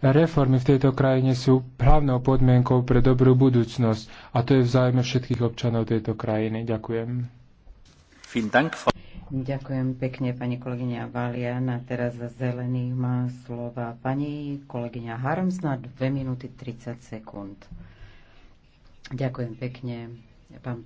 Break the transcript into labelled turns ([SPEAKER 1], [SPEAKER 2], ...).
[SPEAKER 1] Reformy v tejto krajine sú hlavnou podmienkou pre dobrú budúcnosť a to je v zájme všetkých občanov tejto krajiny. Ďakujem.
[SPEAKER 2] Ďakujem pekne, pani kolegyňa Valian. A teraz za zelený má slova pani
[SPEAKER 3] kolegyňa Harms na 2 minúty 30 sekúnd. Ďakujem pekne, pán